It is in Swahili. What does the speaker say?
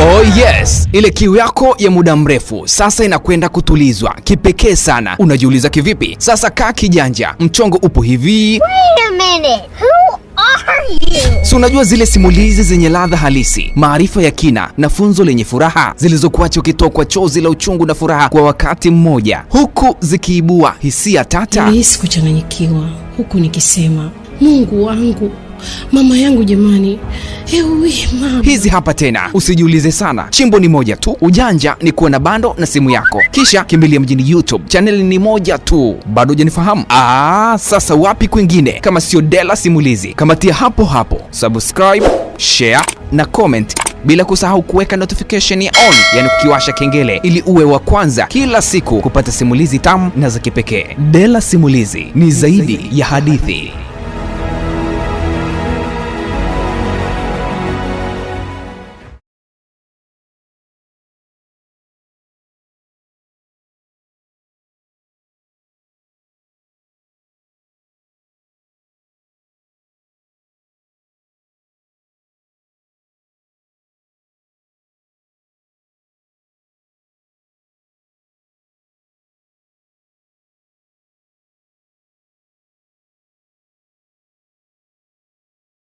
Oh yes, ile kiu yako ya muda mrefu sasa inakwenda kutulizwa kipekee sana. Unajiuliza kivipi? Sasa kaa kijanja, mchongo upo hivi. Wait a minute. Who si unajua zile simulizi zenye ladha halisi, maarifa ya kina na funzo lenye furaha, zilizokuacha ukitokwa chozi la uchungu na furaha kwa wakati mmoja, huku zikiibua hisia tata. Nilihisi kuchanganyikiwa huku nikisema Mungu wangu, mama yangu jamani! Ewe mama. Hizi hapa tena, usijiulize sana. Chimbo ni moja tu, ujanja ni kuwa na bando na simu yako, kisha kimbilia mjini YouTube. Chaneli ni moja tu. Bado hujanifahamu? Ah, sasa wapi kwingine kama sio Dela Simulizi? Kamatia hapo hapo, subscribe, share na comment, bila kusahau kuweka notification ya on, yani kukiwasha kengele, ili uwe wa kwanza kila siku kupata simulizi tamu na za kipekee. Dela Simulizi ni zaidi ya hadithi.